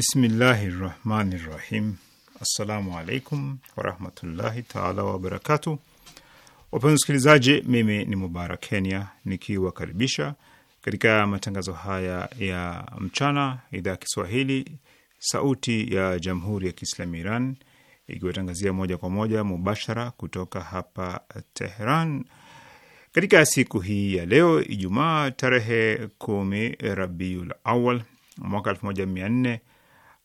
Bismillahi rahmani rahim. Assalamu alaikum warahmatullahi taala wabarakatu. Wapenzi msikilizaji, mimi ni Mubarak Kenya nikiwakaribisha katika matangazo haya ya mchana, idhaa ya Kiswahili sauti ya jamhuri ya Kiislamu Iran ikiwatangazia moja kwa moja mubashara kutoka hapa Teheran katika siku hii ya leo Ijumaa tarehe kumi Rabiul Awal mwaka elfu moja mia nne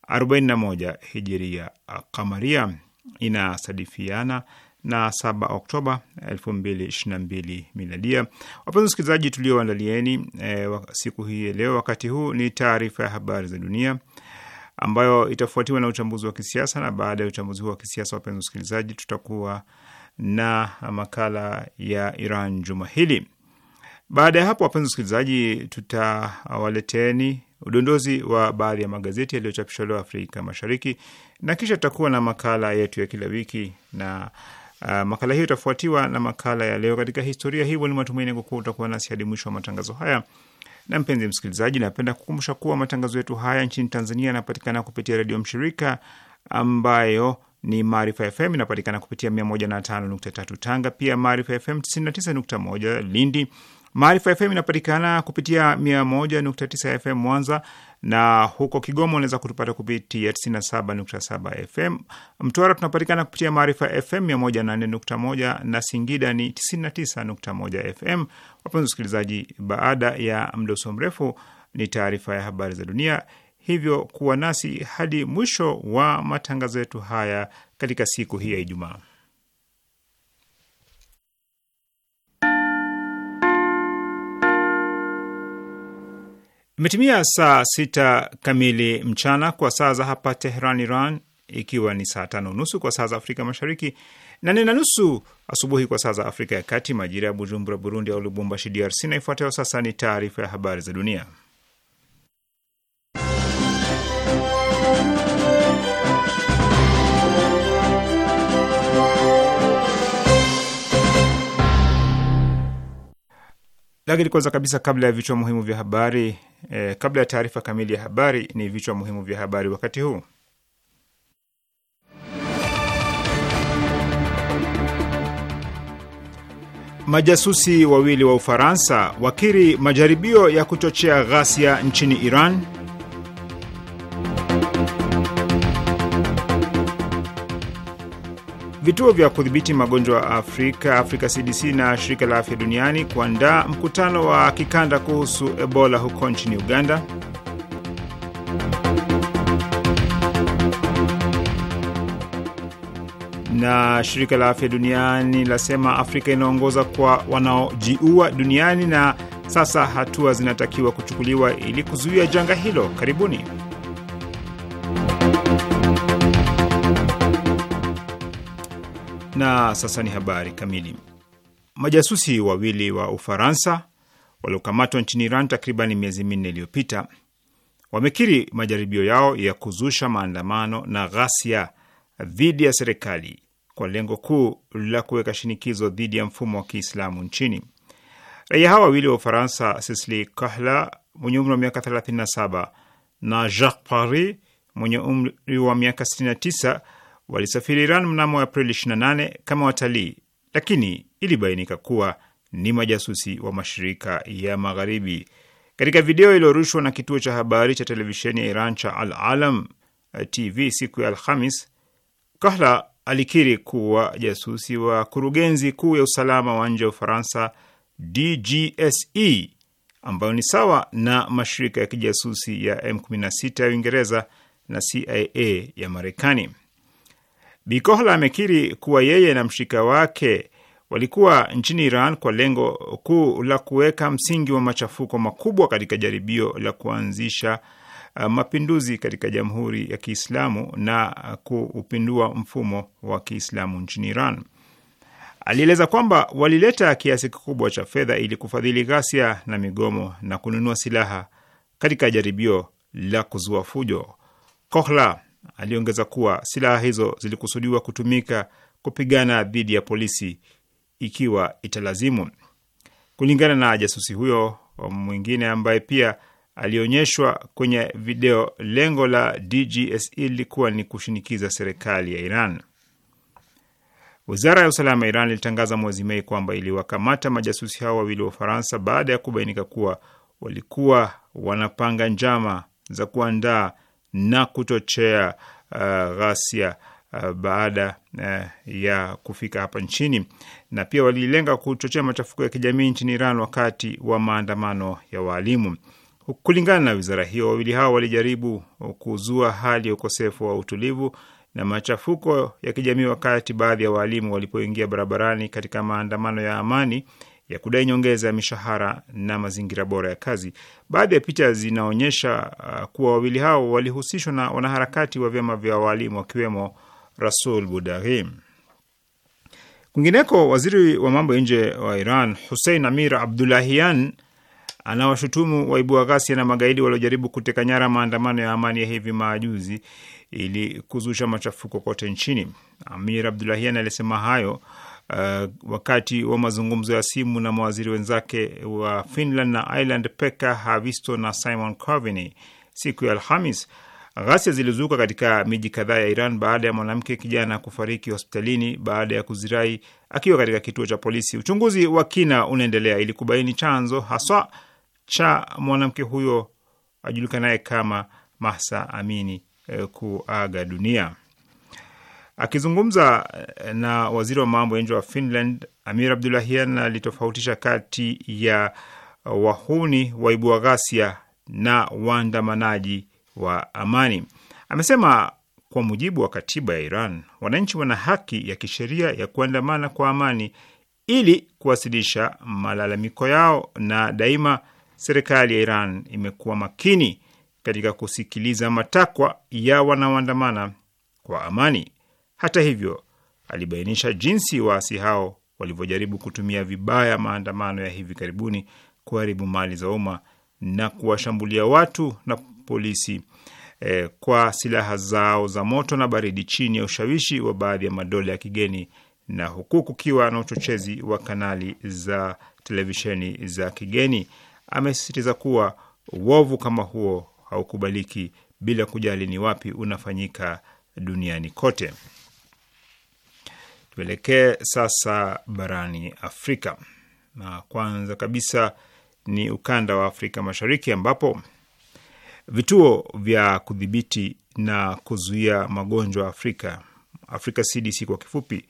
41 hijiria kamaria inasadifiana na 7 Oktoba 2022 miladia. Wapenzi wasikilizaji, tulioandalieni e, siku hii leo wakati huu ni taarifa ya habari za dunia ambayo itafuatiwa na uchambuzi wa kisiasa, na baada ya uchambuzi huu wa kisiasa, wapenzi wasikilizaji, tutakuwa na makala ya Iran juma hili. Baada ya hapo, wapenzi wasikilizaji, tutawaleteni udondozi wa baadhi ya magazeti yaliyochapishwa leo Afrika Mashariki, na kisha tutakuwa na makala yetu ya kila wiki na Uh, makala hiyo itafuatiwa na makala ya leo katika historia. Hivyo ni matumaini yangu kuwa utakuwa nasi hadi mwisho wa matangazo haya. Na mpenzi msikilizaji, napenda kukumbusha kuwa matangazo yetu haya nchini Tanzania yanapatikana kupitia redio mshirika ambayo ni Maarifa FM, inapatikana kupitia 105.3 Tanga, pia Maarifa FM 99.1 Lindi Maarifa FM inapatikana kupitia 101.9 FM Mwanza, na huko Kigoma unaweza kutupata kupitia 97.7 FM. Mtwara tunapatikana kupitia Maarifa FM 108.1 na Singida ni 99.1 FM. Wapenzi wasikilizaji, baada ya mdoso mrefu ni taarifa ya habari za dunia, hivyo kuwa nasi hadi mwisho wa matangazo yetu haya katika siku hii ya Ijumaa. Imetimia saa sita kamili mchana kwa saa za hapa teheran Iran, ikiwa ni saa tano nusu kwa saa za Afrika Mashariki, nane na nusu asubuhi kwa saa za Afrika ya Kati, majira ya Bujumbura, Burundi, au Lubumbashi, DRC. Na ifuatayo sasa ni taarifa ya habari za dunia, lakini kwanza kabisa, kabla ya vichwa muhimu vya habari E, kabla ya taarifa kamili ya habari ni vichwa muhimu vya habari wakati huu. Majasusi wawili wa Ufaransa wakiri majaribio ya kuchochea ghasia nchini Iran. Vituo vya kudhibiti magonjwa Afrika, Africa CDC na shirika la afya duniani kuandaa mkutano wa kikanda kuhusu Ebola huko nchini Uganda. Na shirika la afya duniani lasema Afrika inaongoza kwa wanaojiua duniani na sasa hatua zinatakiwa kuchukuliwa ili kuzuia janga hilo. Karibuni. Na sasa ni habari kamili. Majasusi wawili wa Ufaransa waliokamatwa nchini Iran takriban miezi minne iliyopita wamekiri majaribio yao ya kuzusha maandamano na ghasia dhidi ya serikali kwa lengo kuu la kuweka shinikizo dhidi ya mfumo wa Kiislamu nchini. Raia hawa wawili wa Ufaransa, Sisli Kahla mwenye umri wa miaka 37 na Jacques Paris mwenye umri wa miaka 69 walisafiri Iran mnamo Aprili 28 kama watalii, lakini ilibainika kuwa ni majasusi wa mashirika ya Magharibi. Katika video iliyorushwa na kituo cha habari cha televisheni ya Iran cha Al Alam eh, TV siku ya Alhamis, Kahla alikiri kuwa jasusi wa kurugenzi kuu ya usalama wa nje wa Ufaransa, DGSE, ambayo ni sawa na mashirika ya kijasusi ya M16 ya Uingereza na CIA ya Marekani. Bikohla amekiri kuwa yeye na mshirika wake walikuwa nchini Iran kwa lengo kuu la kuweka msingi wa machafuko makubwa katika jaribio la kuanzisha uh, mapinduzi katika Jamhuri ya Kiislamu na kuupindua mfumo wa Kiislamu nchini Iran. Alieleza kwamba walileta kiasi kikubwa cha fedha ili kufadhili ghasia na migomo na kununua silaha katika jaribio la kuzua fujo. Kohla Aliongeza kuwa silaha hizo zilikusudiwa kutumika kupigana dhidi ya polisi ikiwa italazimu. Kulingana na jasusi huyo mwingine ambaye pia alionyeshwa kwenye video, lengo la DGSE lilikuwa ni kushinikiza serikali ya Iran. Wizara ya usalama ya Iran ilitangaza mwezi Mei kwamba iliwakamata majasusi hao wawili wa Ufaransa baada ya kubainika kuwa walikuwa wanapanga njama za kuandaa na kuchochea uh, ghasia uh, baada uh, ya kufika hapa nchini, na pia walilenga kuchochea machafuko ya kijamii nchini Iran wakati wa maandamano ya waalimu. Kulingana na wizara hiyo, wawili hao walijaribu uh, kuzua hali ya ukosefu wa utulivu na machafuko ya kijamii wakati baadhi ya waalimu walipoingia barabarani katika maandamano ya amani ya kudai nyongeza ya mishahara na mazingira bora ya kazi. Baadhi ya picha zinaonyesha uh, kuwa wawili hao walihusishwa na wanaharakati wa vyama vya waalimu wakiwemo Rasul Budahim. Kwingineko, waziri wa mambo ya nje wa Iran Hussein Amir Abdulahian anawashutumu waibua ghasia na magaidi waliojaribu kuteka nyara maandamano ya amani ya hivi majuzi ili kuzusha machafuko kote nchini. Amir Abdulahian alisema hayo uh, wakati wa mazungumzo ya simu na mawaziri wenzake wa Finland na Ireland Pekka Haavisto na Simon Coveney siku ya Alhamis. Ghasia zilizuka katika miji kadhaa ya Iran baada ya mwanamke kijana kufariki hospitalini baada ya kuzirai akiwa katika kituo cha polisi. Uchunguzi wa kina unaendelea ili kubaini chanzo haswa cha mwanamke huyo ajulikanaye kama Mahsa Amini eh, kuaga dunia. Akizungumza eh, na waziri wa mambo ya nje wa Finland, Amir Abdulahian alitofautisha kati ya eh, wahuni waibua ghasia na waandamanaji wa amani. Amesema kwa mujibu wa katiba ya Iran, wananchi wana haki ya kisheria ya kuandamana kwa amani ili kuwasilisha malalamiko yao, na daima serikali ya Iran imekuwa makini katika kusikiliza matakwa ya wanaoandamana kwa amani. Hata hivyo, alibainisha jinsi waasi hao walivyojaribu kutumia vibaya maandamano ya hivi karibuni kuharibu mali za umma na kuwashambulia watu na polisi eh, kwa silaha zao za moto na baridi chini ya ushawishi wa baadhi ya madola ya kigeni na huku kukiwa na uchochezi wa kanali za televisheni za kigeni. Amesisitiza kuwa uovu kama huo haukubaliki bila kujali ni wapi unafanyika duniani kote. Tuelekee sasa barani Afrika na kwanza kabisa ni ukanda wa Afrika Mashariki ambapo vituo vya kudhibiti na kuzuia magonjwa Afrika, Afrika CDC kwa kifupi,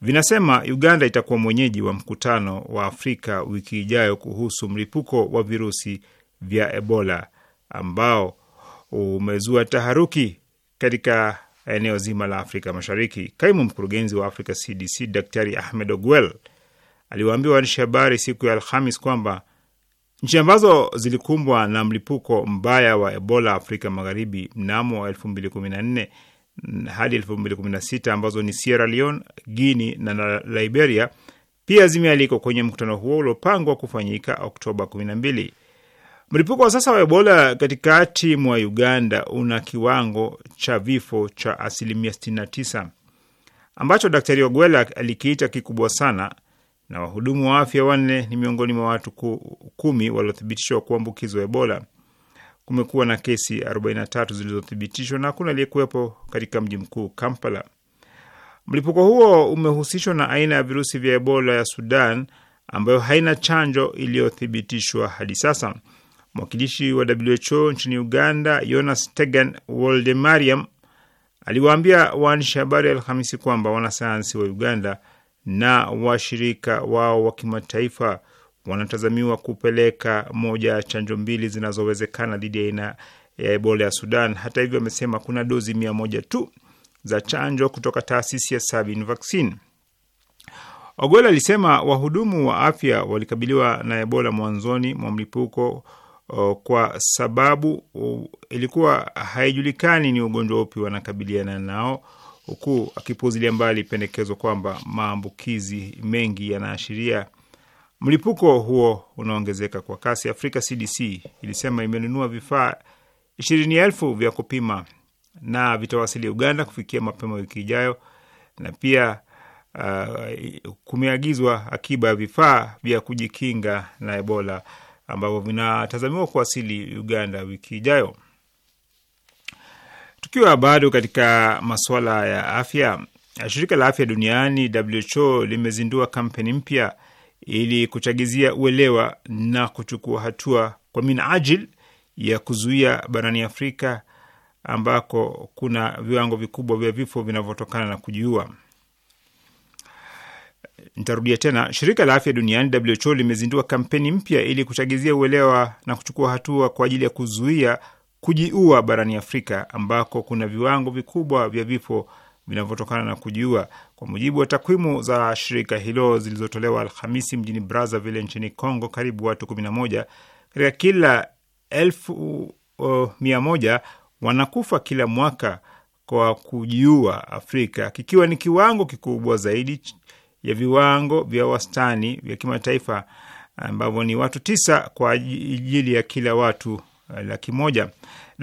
vinasema Uganda itakuwa mwenyeji wa mkutano wa Afrika wiki ijayo kuhusu mlipuko wa virusi vya Ebola ambao umezua taharuki katika eneo zima la Afrika Mashariki. Kaimu mkurugenzi wa afrika CDC Daktari Ahmed Ogwel aliwaambia waandishi habari siku ya Alhamis kwamba nchi ambazo zilikumbwa na mlipuko mbaya wa Ebola Afrika Magharibi mnamo 2014 hadi 2016 ambazo ni Sierra Leone, Guinea na Liberia pia zimealikwa kwenye mkutano huo uliopangwa kufanyika Oktoba 12. Mlipuko wa sasa wa Ebola katikati mwa Uganda una kiwango cha vifo cha asilimia 69 ambacho Daktari Ogwela alikiita kikubwa sana, na wahudumu wa afya wanne ni miongoni mwa watu kumi waliothibitishwa kuambukizwa Ebola. Kumekuwa na kesi 43 zilizothibitishwa na hakuna aliyekuwepo katika mji mkuu Kampala. Mlipuko huo umehusishwa na aina ya virusi vya Ebola ya Sudan ambayo haina chanjo iliyothibitishwa hadi sasa. Mwakilishi wa WHO nchini Uganda, Jonas Tegan Woldemariam, aliwaambia waandishi habari Alhamisi kwamba wanasayansi wa Uganda na washirika wao wa kimataifa wanatazamiwa kupeleka moja ya chanjo mbili zinazowezekana dhidi ya aina ya Ebola ya Sudan. Hata hivyo, amesema kuna dozi mia moja tu za chanjo kutoka taasisi ya Sabin Vaccine. Ogola alisema wahudumu wa afya walikabiliwa na Ebola mwanzoni mwa mlipuko kwa sababu ilikuwa haijulikani ni ugonjwa upi wanakabiliana nao, huku akipuzilia mbali pendekezo kwamba maambukizi mengi yanaashiria mlipuko huo unaongezeka kwa kasi. Afrika CDC ilisema imenunua vifaa ishirini elfu vya kupima na vitawasili Uganda kufikia mapema wiki ijayo, na pia uh, kumeagizwa akiba ya vifaa vya kujikinga na Ebola ambavyo vinatazamiwa kuwasili Uganda wiki ijayo. Tukiwa bado katika masuala ya afya, shirika la afya duniani WHO limezindua kampeni mpya ili kuchagizia uelewa na kuchukua hatua kwa ajil ya kuzuia barani Afrika ambako kuna viwango vikubwa vya vifo vinavyotokana na kujiua. Nitarudia tena, shirika la afya duniani WHO limezindua kampeni mpya ili kuchagizia uelewa na kuchukua hatua kwa ajili ya kuzuia kujiua barani Afrika ambako kuna viwango vikubwa vya vifo vinavyotokana na kujiua. Kwa mujibu wa takwimu za shirika hilo zilizotolewa Alhamisi mjini Brazzaville nchini Congo, karibu watu 11 katika kila elfu uh, mia moja wanakufa kila mwaka kwa kujiua Afrika, kikiwa ni kiwango kikubwa zaidi ya viwango vya wastani vya kimataifa ambavyo ni watu tisa kwa ajili ya kila watu eh, laki moja.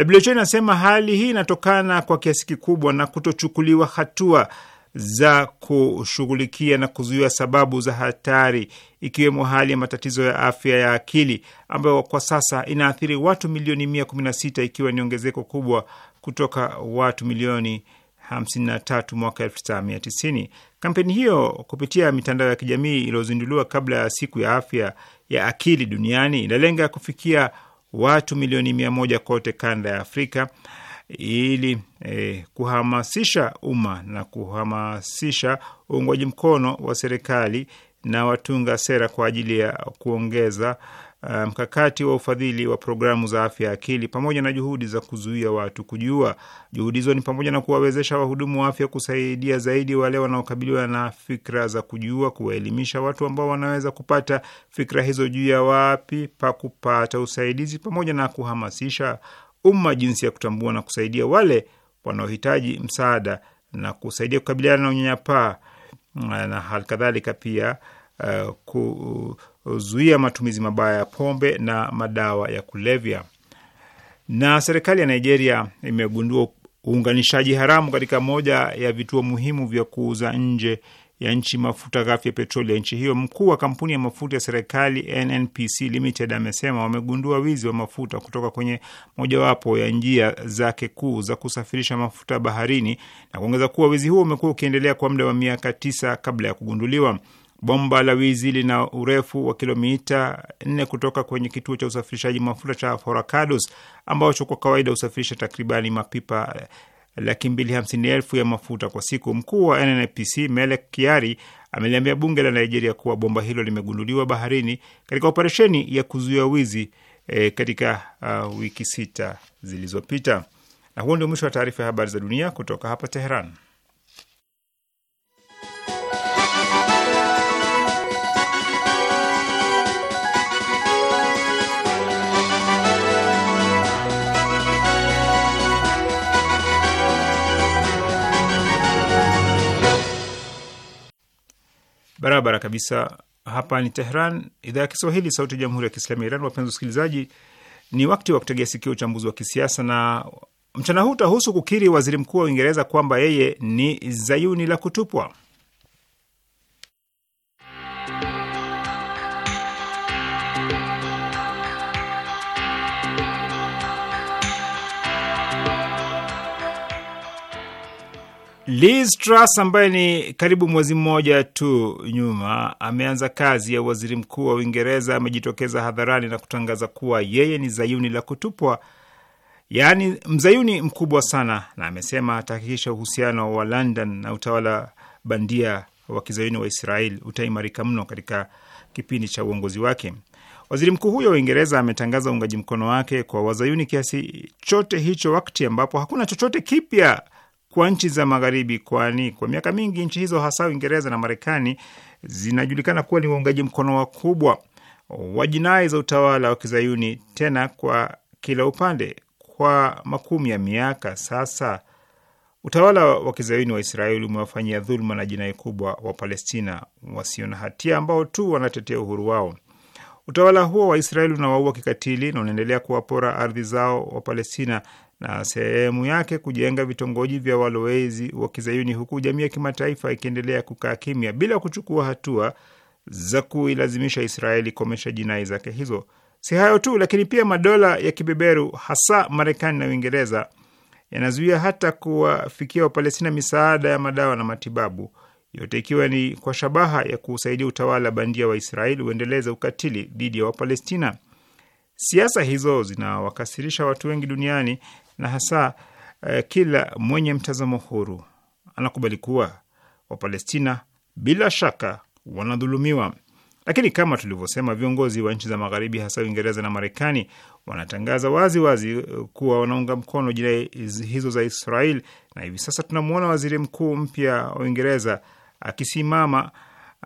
WHO inasema hali hii inatokana kwa kiasi kikubwa na kutochukuliwa hatua za kushughulikia na kuzuia sababu za hatari ikiwemo hali ya matatizo ya afya ya akili ambayo kwa sasa inaathiri watu milioni 116 ikiwa ni ongezeko kubwa kutoka watu milioni 53 mwaka 1990. Kampeni hiyo kupitia mitandao ya kijamii iliyozinduliwa kabla ya siku ya afya ya akili duniani inalenga kufikia watu milioni mia moja kote kanda ya Afrika ili eh, kuhamasisha umma na kuhamasisha uungwaji mkono wa serikali na watunga sera kwa ajili ya kuongeza Uh, mkakati wa ufadhili wa programu za afya ya akili pamoja na juhudi za kuzuia watu kujiua. Juhudi hizo ni pamoja na kuwawezesha wahudumu wa afya kusaidia zaidi wale wanaokabiliwa na fikra za kujiua, kuwaelimisha watu ambao wanaweza kupata fikra hizo juu ya wapi pa kupata usaidizi, pamoja na kuhamasisha umma jinsi ya kutambua na kusaidia wale wanaohitaji msaada na kusaidia kukabiliana na unyanyapaa na hali kadhalika pia uh, ku, kuzuia matumizi mabaya ya pombe na madawa ya kulevya. Na serikali ya Nigeria imegundua uunganishaji haramu katika moja ya vituo muhimu vya kuuza nje ya nchi mafuta ghafi ya petroli ya nchi hiyo. Mkuu wa kampuni ya mafuta ya serikali NNPC Limited amesema wamegundua wizi wa mafuta kutoka kwenye mojawapo ya njia zake kuu za kusafirisha mafuta baharini, na kuongeza kuwa wizi huo umekuwa ukiendelea kwa muda wa miaka tisa kabla ya kugunduliwa. Bomba la wizi lina urefu wa kilomita 4 kutoka kwenye kituo cha usafirishaji mafuta cha Forakados ambacho kwa kawaida husafirisha takribani mapipa eh, laki mbili hamsini elfu ya mafuta kwa siku. Mkuu wa NNPC Melek Kiari ameliambia bunge la Nigeria kuwa bomba hilo limegunduliwa baharini katika operesheni ya kuzuia wizi e, katika uh, wiki sita zilizopita. Na huo ndio mwisho wa taarifa ya habari za dunia kutoka hapa Teheran. barabara kabisa. Hapa ni Tehran, idhaa ya Kiswahili, sauti ya jamhuri ya kiislamu ya Iran. Wapenzi wasikilizaji, ni wakati wa kutegea sikio uchambuzi wa kisiasa na mchana huu utahusu kukiri waziri mkuu wa Uingereza kwamba yeye ni zayuni la kutupwa. Liz Truss ambaye ni karibu mwezi mmoja tu nyuma ameanza kazi ya waziri mkuu wa Uingereza amejitokeza hadharani na kutangaza kuwa yeye ni zayuni la kutupwa, yaani mzayuni mkubwa sana, na amesema atahakikisha uhusiano wa London na utawala bandia wa kizayuni wa Israel utaimarika mno katika kipindi cha uongozi wake. Waziri mkuu huyo wa Uingereza ametangaza uungaji mkono wake kwa wazayuni kiasi chote hicho wakati ambapo hakuna chochote kipya kwa nchi za Magharibi, kwani kwa miaka mingi nchi hizo hasa Uingereza na Marekani zinajulikana kuwa ni waungaji mkono wakubwa wa jinai za utawala wa Kizayuni, tena kwa kila upande. Kwa makumi ya miaka sasa, utawala wa Kizayuni wa Israeli umewafanyia dhuluma na jinai kubwa wa Palestina wasio na hatia ambao tu wanatetea uhuru wao. Utawala huo wa Israeli unawaua kikatili na unaendelea kuwapora ardhi zao wa Palestina na sehemu yake kujenga vitongoji vya walowezi wa kizayuni huku jamii ya kimataifa ikiendelea kukaa kimya bila kuchukua hatua za kuilazimisha Israeli komesha jinai zake hizo. Si hayo tu, lakini pia madola ya kibeberu hasa Marekani na Uingereza yanazuia hata kuwafikia Wapalestina misaada ya madawa na matibabu, yote ikiwa ni kwa shabaha ya kusaidia utawala bandia wa Israeli uendeleze ukatili dhidi ya Wapalestina. Siasa hizo zinawakasirisha watu wengi duniani na hasa eh, kila mwenye mtazamo huru anakubali kuwa Wapalestina bila shaka wanadhulumiwa. Lakini kama tulivyosema, viongozi wa nchi za Magharibi, hasa Uingereza na Marekani, wanatangaza wazi wazi eh, kuwa wanaunga mkono jinai hizo za Israel, na hivi sasa tunamwona waziri mkuu mpya wa Uingereza akisimama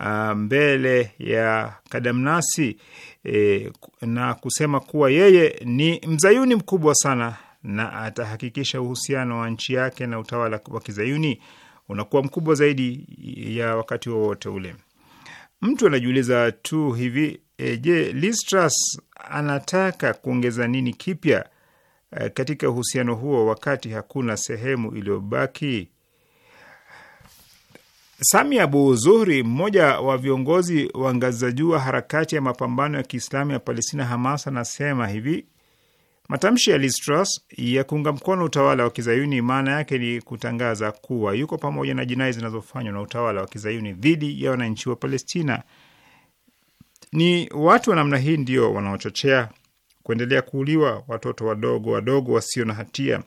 Ah, mbele ya Kadamnasi e, na kusema kuwa yeye ni mzayuni mkubwa sana na atahakikisha uhusiano wa nchi yake na utawala wa kizayuni unakuwa mkubwa zaidi ya wakati wowote wa ule. Mtu anajiuliza tu hivi e, je, Listras anataka kuongeza nini kipya e, katika uhusiano huo wakati hakuna sehemu iliyobaki? Sami Abu Zuhri, mmoja wa viongozi wa ngazi za juu wa harakati ya mapambano ya Kiislamu ya Palestina, Hamas, anasema hivi: matamshi ya Liz Truss ya kuunga mkono utawala wa kizayuni maana yake ni kutangaza kuwa yuko pamoja na jinai zinazofanywa na utawala wa kizayuni dhidi ya wananchi wa Palestina. Ni watu wa namna hii ndio wanaochochea kuendelea kuuliwa watoto wadogo wadogo wasio na hatia,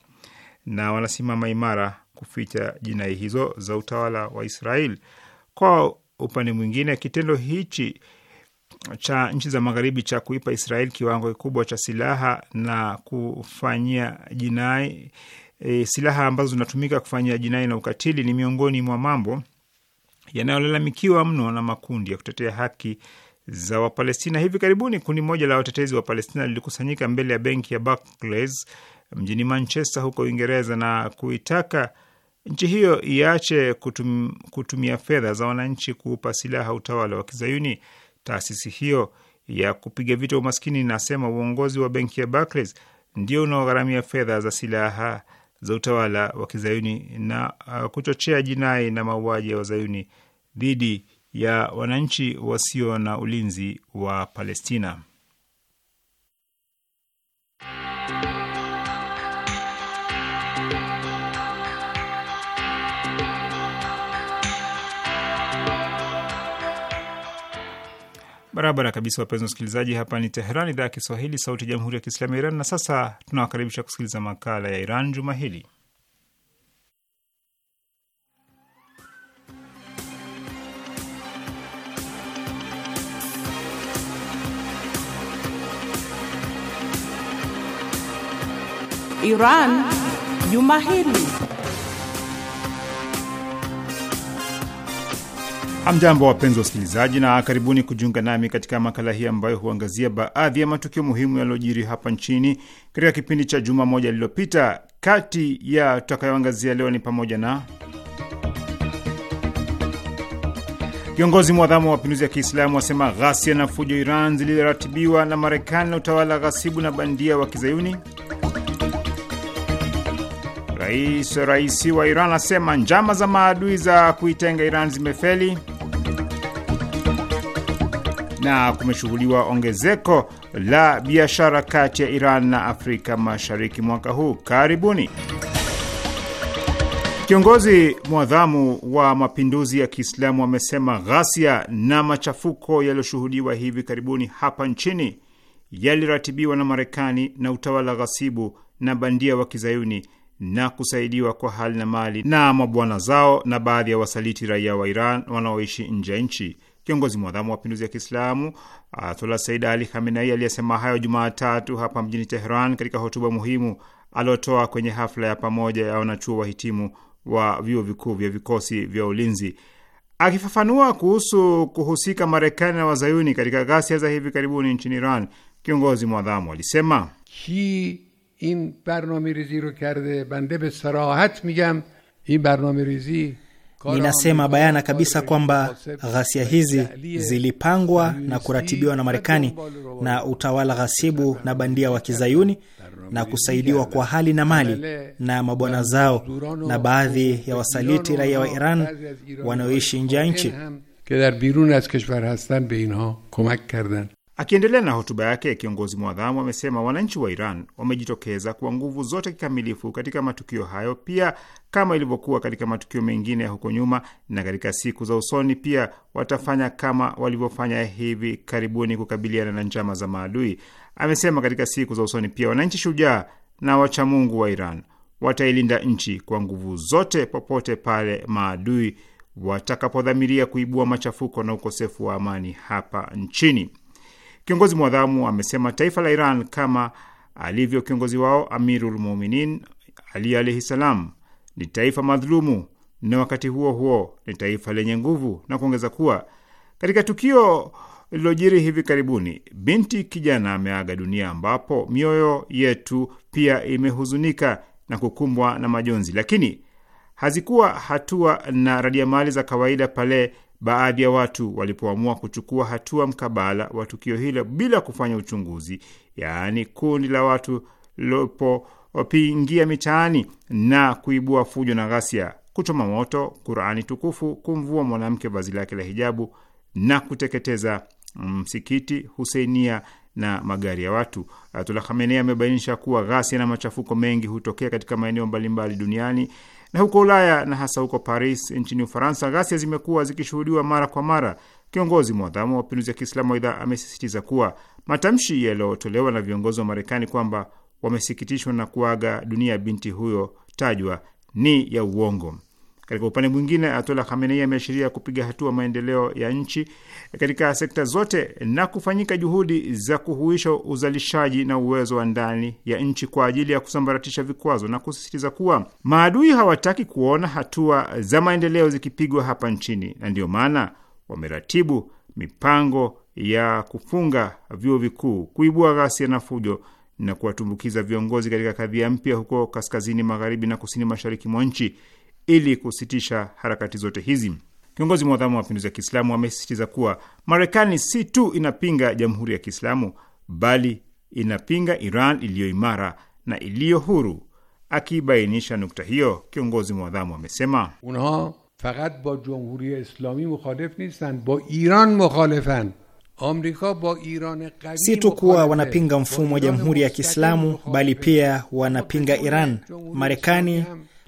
na wanasimama imara kuficha jinai hizo za utawala wa Israel. Kwa upande mwingine, kitendo hichi cha nchi za magharibi cha kuipa Israel kiwango kikubwa cha silaha na kufanyia jinai e, silaha ambazo zinatumika kufanyia jinai na ukatili ni miongoni mwa mambo yanayolalamikiwa mno na makundi ya kutetea haki za Wapalestina. Hivi karibuni kundi moja la watetezi wa Palestina lilikusanyika mbele ya benki ya Barclays mjini Manchester huko Uingereza na kuitaka nchi hiyo iache kutum, kutumia fedha za wananchi kuupa silaha utawala wa Kizayuni. Taasisi hiyo ya kupiga vita umaskini inasema uongozi wa benki ya Barclays ndio unaogharamia fedha za silaha za utawala wa Kizayuni na uh, kuchochea jinai na mauaji ya wazayuni dhidi ya wananchi wasio na ulinzi wa Palestina. Barabara kabisa, wapenzi wasikilizaji, hapa ni Teheran, idhaa ya Kiswahili, sauti ya jamhuri ya kiislamu ya Iran. Na sasa tunawakaribisha kusikiliza makala ya Iran juma hili. Iran juma hili. Hamjambo, wapenzi wa wasikilizaji, na karibuni kujiunga nami katika makala hii ambayo huangazia baadhi ya matukio muhimu yaliyojiri hapa nchini katika kipindi cha juma moja lililopita. Kati ya tutakayoangazia leo ni pamoja na kiongozi mwadhamu wa mapinduzi ya Kiislamu wasema ghasia na fujo Iran ziliratibiwa na Marekani na utawala ghasibu na bandia wa Kizayuni. Rais rais wa Iran anasema njama za maadui za kuitenga Iran zimefeli, na kumeshuhudiwa ongezeko la biashara kati ya Iran na Afrika Mashariki mwaka huu. Karibuni. Kiongozi mwadhamu wa mapinduzi ya Kiislamu amesema ghasia na machafuko yaliyoshuhudiwa hivi karibuni hapa nchini yaliratibiwa na Marekani na utawala ghasibu na bandia wa Kizayuni na kusaidiwa kwa hali na mali na mabwana zao na baadhi ya wasaliti raia wa Iran wanaoishi nje ya nchi. Kiongozi mwadhamu wa mapinduzi ya Kiislamu Ayatullah Said Ali Khamenei aliyesema hayo Jumatatu hapa mjini Tehran katika hotuba muhimu aliotoa kwenye hafla ya pamoja ya wanachuo wahitimu wa vyuo vikuu vya vikosi vya ulinzi. Akifafanua kuhusu kuhusika Marekani na wazayuni katika ghasia za hivi karibuni nchini Iran, kiongozi mwadhamu alisema این برنامه ریزی رو کرده بنده به سراحت میگم این برنامه ریزی Ninasema bayana kabisa kwamba ghasia hizi zilipangwa na kuratibiwa na Marekani na utawala ghasibu na bandia wa Kizayuni na kusaidiwa kwa hali na mali na mabwana zao na baadhi ya wasaliti raia wa Iran wanaoishi nje ya nchi. Akiendelea na hotuba yake, kiongozi mwadhamu amesema wananchi wa Iran wamejitokeza kwa nguvu zote kikamilifu katika matukio hayo, pia kama ilivyokuwa katika matukio mengine ya huko nyuma, na katika siku za usoni pia watafanya kama walivyofanya hivi karibuni kukabiliana na njama za maadui. Amesema katika siku za usoni pia wananchi shujaa na wachamungu wa Iran watailinda nchi kwa nguvu zote popote pale maadui watakapodhamiria kuibua machafuko na ukosefu wa amani hapa nchini. Kiongozi mwadhamu amesema taifa la Iran kama alivyo kiongozi wao Amirul Muminin Ali alaihi salam ni taifa madhulumu na wakati huo huo ni taifa lenye nguvu, na kuongeza kuwa katika tukio lilojiri hivi karibuni, binti kijana ameaga dunia, ambapo mioyo yetu pia imehuzunika na kukumbwa na majonzi, lakini hazikuwa hatua na radiamali za kawaida pale baadhi ya watu walipoamua kuchukua hatua mkabala wa tukio hilo bila kufanya uchunguzi, yaani kundi la watu lilopopingia mitaani na kuibua fujo na ghasia, kuchoma moto Qurani tukufu, kumvua mwanamke vazi lake la hijabu na kuteketeza msikiti Huseinia na magari ya watu. Ayatullah Khamenei amebainisha kuwa ghasia na machafuko mengi hutokea katika maeneo mbalimbali duniani na huko Ulaya na hasa huko Paris nchini Ufaransa, ghasia zimekuwa zikishuhudiwa mara kwa mara. Kiongozi mwadhamu wa mapinduzi ya Kiislamu aidha amesisitiza kuwa matamshi yaliyotolewa na viongozi wa Marekani kwamba wamesikitishwa na kuaga dunia binti huyo tajwa ni ya uongo. Katika upande mwingine, Atola Khamenei ameashiria kupiga hatua maendeleo ya nchi katika sekta zote na kufanyika juhudi za kuhuisha uzalishaji na uwezo wa ndani ya nchi kwa ajili ya kusambaratisha vikwazo na kusisitiza kuwa maadui hawataki kuona hatua za maendeleo zikipigwa hapa nchini, na ndiyo maana wameratibu mipango ya kufunga vyuo vikuu, kuibua ghasia na fujo na kuwatumbukiza viongozi katika kadhia mpya huko kaskazini magharibi na kusini mashariki mwa nchi ili kusitisha harakati zote hizi. Kiongozi mwadhamu wa mapinduzi ya Kiislamu amesisitiza kuwa Marekani si tu inapinga jamhuri ya Kiislamu bali inapinga Iran iliyo imara na iliyo huru. Akibainisha nukta hiyo, kiongozi mwadhamu amesema unha fakat ba jamhuri islami mukhalif nistan ba Iran mukhalifan Si tu kuwa wanapinga mfumo wa jamhuri ya Kiislamu bali pia wanapinga Iran. Marekani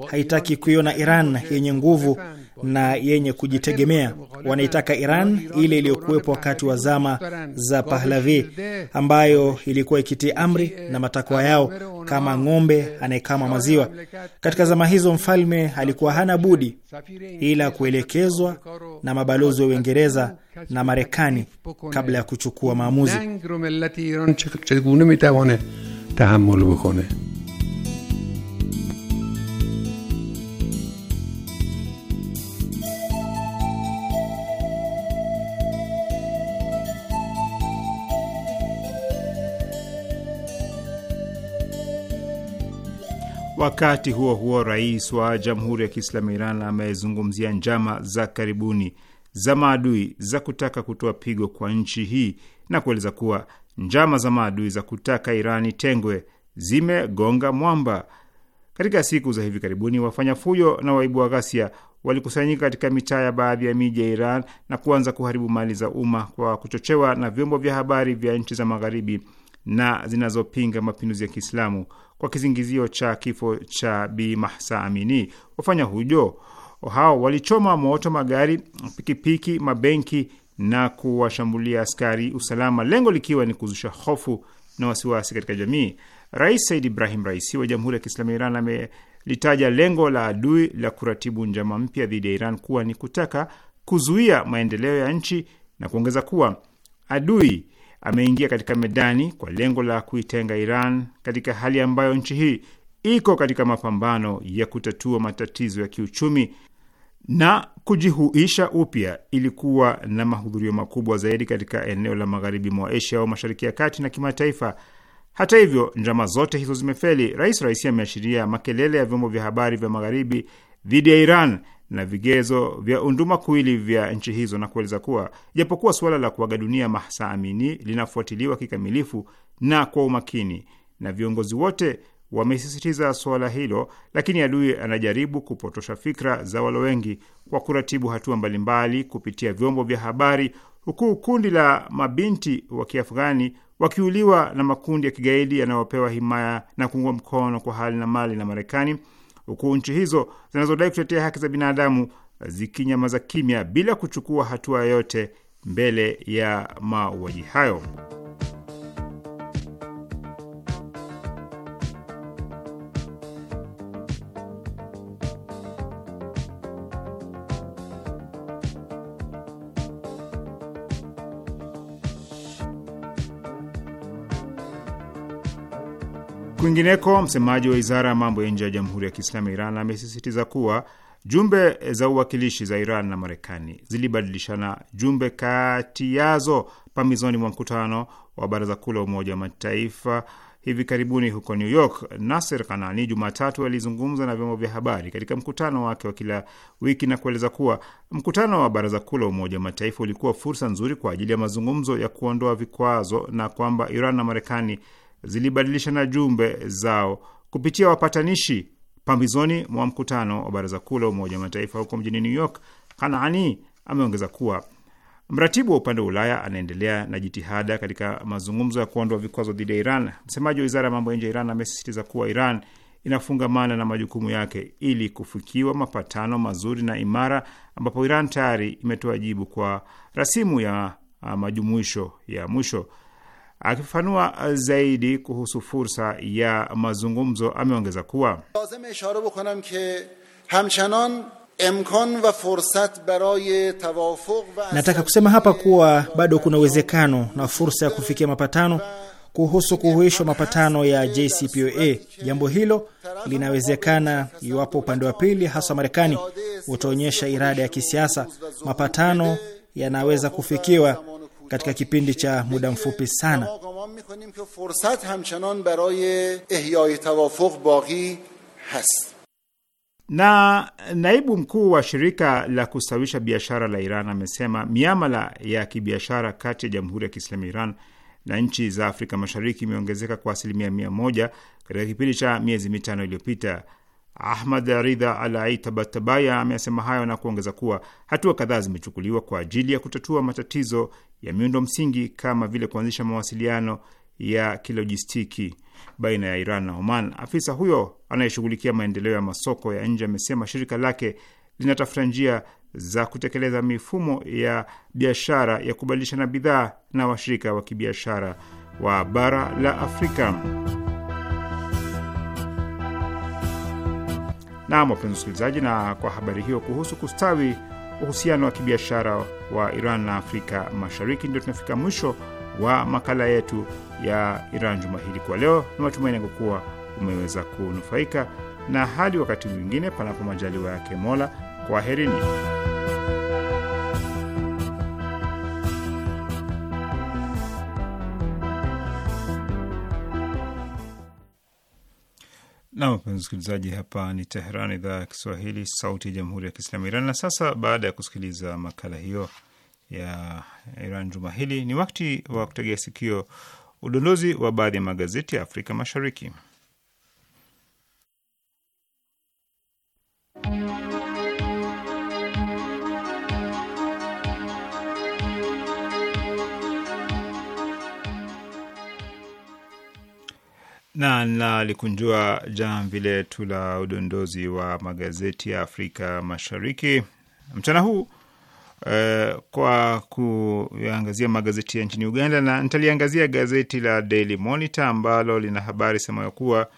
haitaki kuiona Iran yenye nguvu na yenye kujitegemea. Wanaitaka Iran ile iliyokuwepo wakati wa zama za Pahlavi, ambayo ilikuwa ikitii amri na matakwa yao kama ng'ombe anayekama maziwa. Katika zama hizo, mfalme alikuwa hana budi ila kuelekezwa na mabalozi wa Uingereza na Marekani kabla ya kuchukua maamuzi. Wakati huo huo, rais wa Jamhuri ya Kiislamu ya Iran amezungumzia njama za karibuni za maadui za kutaka kutoa pigo kwa nchi hii na kueleza kuwa njama za maadui za kutaka Iran itengwe zimegonga mwamba. Katika siku za hivi karibuni, wafanya fujo na waibu wa ghasia walikusanyika katika mitaa ya baadhi ya miji ya Iran na kuanza kuharibu mali za umma kwa kuchochewa na vyombo vya habari vya nchi za Magharibi na zinazopinga mapinduzi ya Kiislamu kwa kizingizio cha kifo cha Bi Mahsa Amini. Wafanya hujo hao walichoma moto magari, pikipiki, mabenki na kuwashambulia askari usalama, lengo likiwa ni kuzusha hofu na wasiwasi katika jamii. Rais Said Ibrahim Raisi wa Jamhuri ya Kiislamu ya Iran amelitaja lengo la adui la kuratibu njama mpya dhidi ya Iran kuwa ni kutaka kuzuia maendeleo ya nchi na kuongeza kuwa adui ameingia katika medani kwa lengo la kuitenga Iran katika hali ambayo nchi hii iko katika mapambano ya kutatua matatizo ya kiuchumi na kujihuisha upya. Ilikuwa na mahudhurio makubwa zaidi katika eneo la magharibi mwa Asia au mashariki ya kati na kimataifa. Hata hivyo, njama zote hizo zimefeli. Rais Raisi ameashiria makelele ya vyombo vya habari vya magharibi dhidi ya Iran na vigezo vya unduma kuwili vya nchi hizo na kueleza kuwa japokuwa suala la kuaga dunia Mahsa Amini linafuatiliwa kikamilifu na kwa umakini na viongozi wote wamesisitiza suala hilo, lakini adui anajaribu kupotosha fikra za walo wengi kwa kuratibu hatua mbalimbali kupitia vyombo vya habari, huku kundi la mabinti wa Kiafghani wakiuliwa na makundi ya kigaidi yanayopewa himaya na kuungwa mkono kwa hali na mali na Marekani huku nchi hizo zinazodai kutetea haki za binadamu zikinyamaza kimya bila kuchukua hatua yoyote mbele ya mauaji hayo. Kwingineko, msemaji wa wizara ya mambo ya nje ya Jamhuri ya Kiislamu ya Iran amesisitiza kuwa jumbe za uwakilishi za Iran na Marekani zilibadilishana jumbe kati yazo pamizoni mwa mkutano wa Baraza Kuu la Umoja wa Mataifa hivi karibuni huko New York. Nasser Kanani Jumatatu alizungumza na vyombo vya habari katika mkutano wake wa kila wiki na kueleza kuwa mkutano wa Baraza Kuu la Umoja wa Mataifa ulikuwa fursa nzuri kwa ajili ya mazungumzo ya kuondoa vikwazo na kwamba Iran na Marekani zilibadilishana jumbe zao kupitia wapatanishi pambizoni mwa mkutano wa Baraza Kuu la Umoja wa Mataifa huko mjini New York. Kanaani ameongeza kuwa mratibu wa upande wa Ulaya anaendelea na jitihada katika mazungumzo ya kuondoa vikwazo dhidi ya Iran. Msemaji wa wizara ya mambo ya nje ya Iran amesisitiza kuwa Iran inafungamana na majukumu yake ili kufikiwa mapatano mazuri na imara, ambapo Iran tayari imetoa jibu kwa rasimu ya uh, majumuisho ya mwisho. Akifafanua uh, zaidi kuhusu fursa ya mazungumzo, ameongeza kuwa nataka kusema hapa kuwa bado kuna uwezekano na fursa ya kufikia mapatano kuhusu kuhuishwa mapatano ya JCPOA. Jambo hilo linawezekana iwapo upande wa pili, hasa Marekani, utaonyesha irada ya kisiasa. Mapatano yanaweza kufikiwa katika kipindi cha muda mfupi sana. Na naibu mkuu wa shirika la kustawisha biashara la Iran amesema miamala ya kibiashara kati ya Jamhuri ya Kiislamu Iran na nchi za Afrika Mashariki imeongezeka kwa asilimia mia moja katika kipindi cha miezi mitano iliyopita. Ahmad Ridha Alai Tabatabaya amesema hayo na kuongeza kuwa hatua kadhaa zimechukuliwa kwa ajili ya kutatua matatizo ya miundo msingi kama vile kuanzisha mawasiliano ya kilojistiki baina ya Iran na Oman. Afisa huyo anayeshughulikia maendeleo ya masoko ya nje amesema shirika lake linatafuta njia za kutekeleza mifumo ya biashara ya kubadilishana bidhaa na washirika wa kibiashara wa bara la Afrika. Naam, wapenzi wasikilizaji, na kwa habari hiyo kuhusu kustawi uhusiano wa kibiashara wa Iran na Afrika Mashariki. Ndio tunafika mwisho wa makala yetu ya Iran juma hili kwa leo. Ni matumaini yangu kuwa umeweza kunufaika, na hadi wakati mwingine, panapo majaliwa yake Mola, kwaherini. Na wapenzi msikilizaji, hapa ni Teheran, idhaa ya Kiswahili, sauti ya jamhuri ya kiislamu Iran. Na sasa baada ya kusikiliza makala hiyo ya Iran juma hili, ni wakati wa kutegea sikio udondozi wa baadhi ya magazeti ya Afrika Mashariki. na nalikunjua jamvi letu la udondozi wa magazeti ya Afrika Mashariki mchana huu eh, kwa kuyaangazia magazeti ya nchini Uganda, na nitaliangazia gazeti la Daily Monitor ambalo lina habari semayo kuwa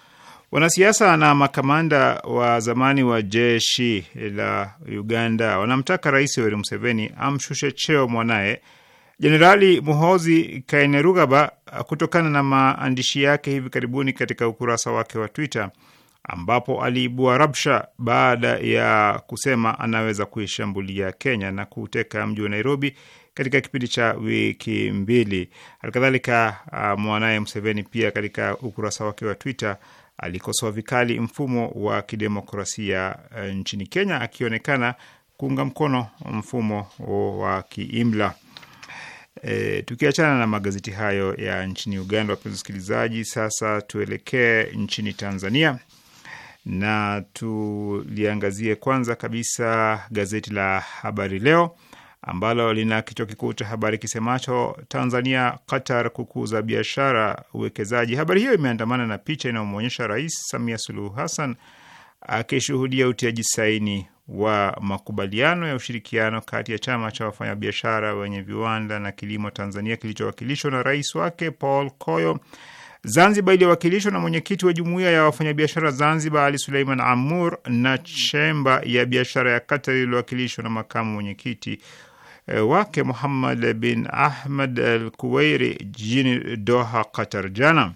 wanasiasa na makamanda wa zamani wa jeshi la Uganda wanamtaka Rais Yoweri Museveni amshushe cheo mwanaye Jenerali Muhozi Kainerugaba uh, kutokana na maandishi yake hivi karibuni katika ukurasa wake wa Twitter ambapo aliibua rabsha baada ya kusema anaweza kuishambulia Kenya na kuteka mji wa Nairobi katika kipindi cha wiki mbili. Halikadhalika, uh, mwanaye Mseveni pia katika ukurasa wake wa Twitter alikosoa vikali mfumo wa kidemokrasia uh, nchini Kenya akionekana kuunga mkono mfumo wa kiimla. E, tukiachana na magazeti hayo ya nchini Uganda, wapenzi wasikilizaji, sasa tuelekee nchini Tanzania na tuliangazie kwanza kabisa gazeti la Habari Leo ambalo lina kichwa kikuu cha habari kisemacho Tanzania Qatar kukuza biashara uwekezaji. Habari hiyo imeandamana na picha inayomwonyesha Rais Samia Suluhu Hassan akishuhudia utiaji saini wa makubaliano ya ushirikiano kati ya chama cha wafanyabiashara wenye viwanda na kilimo Tanzania kilichowakilishwa na rais wake Paul Koyo. Zanzibar iliyowakilishwa na mwenyekiti wa jumuiya ya wafanyabiashara Zanzibar Ali Suleiman Amur na chemba ya biashara ya Qatar iliyowakilishwa na makamu mwenyekiti eh, wake Muhammad bin ahmad Al Kuwairi jijini Doha, Qatar jana.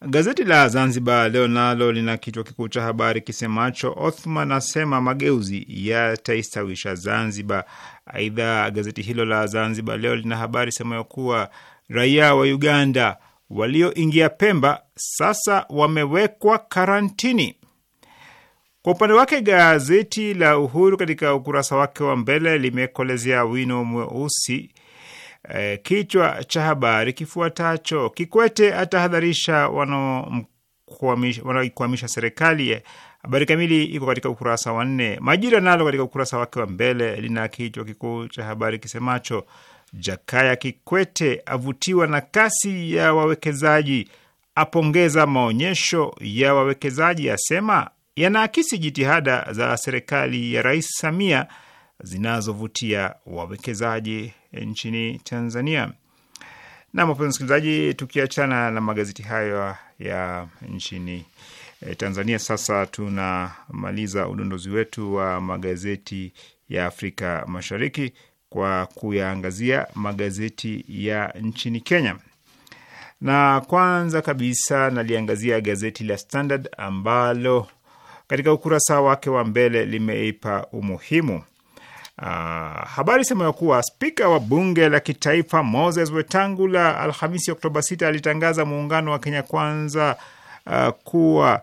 Gazeti la Zanzibar Leo nalo lina kichwa kikuu cha habari kisemacho Othman asema mageuzi yataistawisha Zanzibar. Aidha, gazeti hilo la Zanzibar Leo lina habari semayo kuwa raia wa Uganda walioingia Pemba sasa wamewekwa karantini. Kwa upande wake gazeti la Uhuru katika ukurasa wake wa mbele limekolezea wino mweusi eh, kichwa cha habari kifuatacho: Kikwete atahadharisha wanaoikwamisha serikali. Habari kamili iko katika ukurasa wa nne. Majira nalo katika ukurasa wake wa mbele lina kichwa kikuu cha habari kisemacho Jakaya Kikwete avutiwa na kasi ya wawekezaji, apongeza maonyesho ya wawekezaji, asema yanaakisi jitihada za serikali ya Rais Samia zinazovutia wawekezaji nchini Tanzania. Nam, wapenzi msikilizaji, tukiachana na magazeti hayo ya nchini eh, Tanzania, sasa tunamaliza udondozi wetu wa magazeti ya Afrika Mashariki kwa kuyaangazia magazeti ya nchini Kenya, na kwanza kabisa naliangazia gazeti la Standard ambalo katika ukurasa wake wa mbele limeipa umuhimu Uh, habari sema ya kuwa spika wa bunge la kitaifa Moses Wetangula Alhamisi Oktoba 6 alitangaza muungano wa Kenya Kwanza uh, kuwa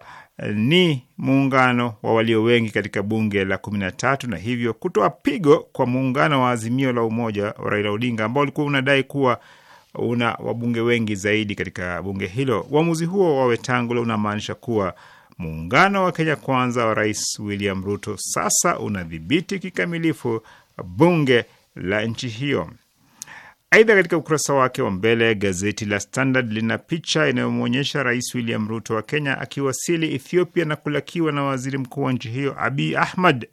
ni muungano wa walio wengi katika bunge la kumi na tatu na hivyo kutoa pigo kwa muungano wa Azimio la Umoja wa Raila Odinga ambao ulikuwa unadai kuwa una wabunge wengi zaidi katika bunge hilo. Uamuzi huo wa Wetangula unamaanisha kuwa muungano wa Kenya Kwanza wa Rais William Ruto sasa unadhibiti kikamilifu bunge la nchi hiyo. Aidha, katika ukurasa wake wa mbele gazeti la Standard lina picha inayomwonyesha Rais William Ruto wa Kenya akiwasili Ethiopia na kulakiwa na waziri mkuu wa nchi hiyo Abiy Ahmed.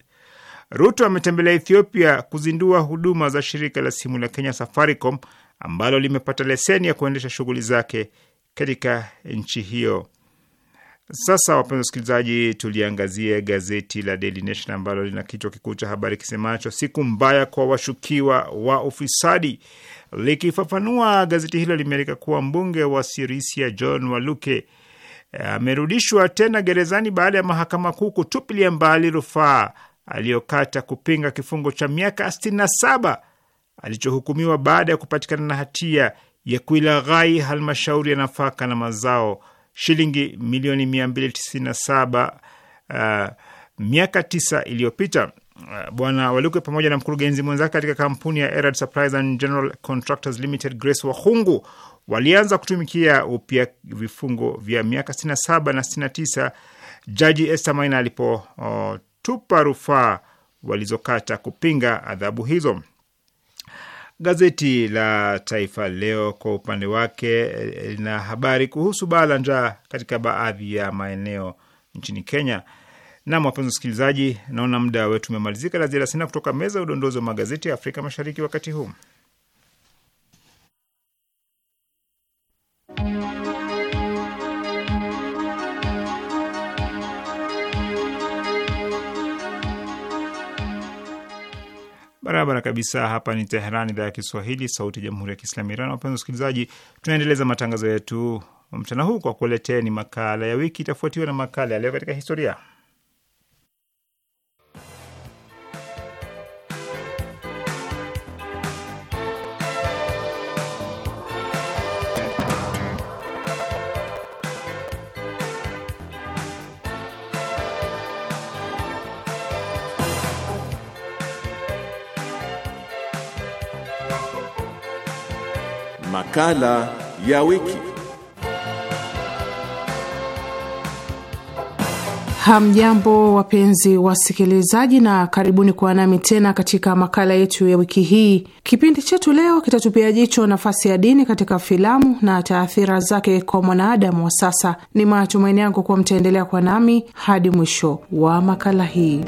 Ruto ametembelea Ethiopia kuzindua huduma za shirika la simu la Kenya Safaricom ambalo limepata leseni ya kuendesha shughuli zake katika nchi hiyo. Sasa wapenzi wasikilizaji, tuliangazia gazeti la Daily Nation ambalo lina kichwa kikuu cha habari kisemacho siku mbaya kwa washukiwa wa ufisadi. Likifafanua, gazeti hilo limeandika kuwa mbunge wa Sirisia John Waluke amerudishwa tena gerezani baada ya mahakama kuu kutupilia mbali rufaa aliyokata kupinga kifungo cha miaka 67 alichohukumiwa baada ya kupatikana na hatia ya kuilaghai halmashauri ya nafaka na mazao shilingi milioni 297 uh, miaka tisa iliyopita. Uh, Bwana Walukwe pamoja na mkurugenzi mwenzake katika kampuni ya Erad Supplies and General Contractors Limited, Grace Wahungu walianza kutumikia upya vifungo vya miaka 67 na 69 Jaji Esther Maina alipotupa uh, rufaa walizokata kupinga adhabu hizo. Gazeti la Taifa Leo kwa upande wake eh, lina habari kuhusu baa la njaa katika baadhi ya maeneo nchini Kenya. Nam, wapenzi wasikilizaji, naona muda wetu umemalizika. La ziada sina kutoka meza ya udondozi wa magazeti ya Afrika Mashariki wakati huu. Barabara kabisa, hapa ni Teheran, idhaa ya Kiswahili, sauti ya jamhuri ya kiislamu Iran. Wapenzi wasikilizaji, tunaendeleza matangazo yetu mchana huu kwa kuleteni makala ya wiki, itafuatiwa na makala ya leo katika historia makala ya wiki. Hamjambo, wapenzi wasikilizaji, na karibuni kuwa nami tena katika makala yetu ya wiki hii. Kipindi chetu leo kitatupia jicho nafasi ya dini katika filamu na taathira zake kwa mwanadamu wa sasa. Ni matumaini yangu kuwa mtaendelea kuwa nami hadi mwisho wa makala hii.